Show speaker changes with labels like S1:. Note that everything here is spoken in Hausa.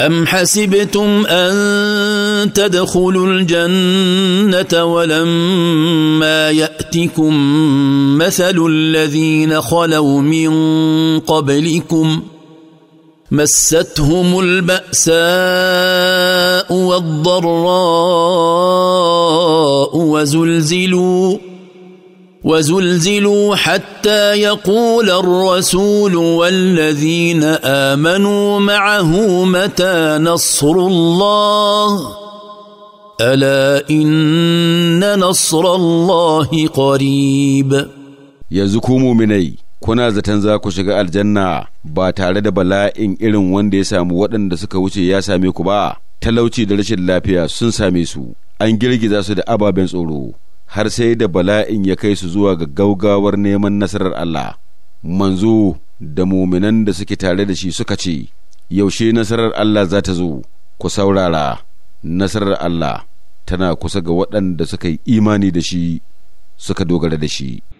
S1: أم حسبتم أن تدخلوا الجنة ولما يأتكم مثل الذين خلوا من قبلكم مستهم البأساء والضراء وزلزلوا وزلزلوا حتى يقول الرسول والذين امنوا معه متى نصر الله الا ان
S2: نصر الله قريب yanzu ku muminai kuna zaton za ku shiga aljanna ba tare da bala'in irin wanda ya samu waɗanda suka wuce ya same ku ba talauci da rashin lafiya sun same su an girgiza su da ababen tsoro har sai da bala'in ya kai su zuwa ga gaugawar neman nasarar Allah manzo da muminan da suke tare da shi suka ce yaushe nasarar Allah za ta zo ku saurara nasarar Allah tana kusa ga waɗanda suka yi imani da shi suka dogara da shi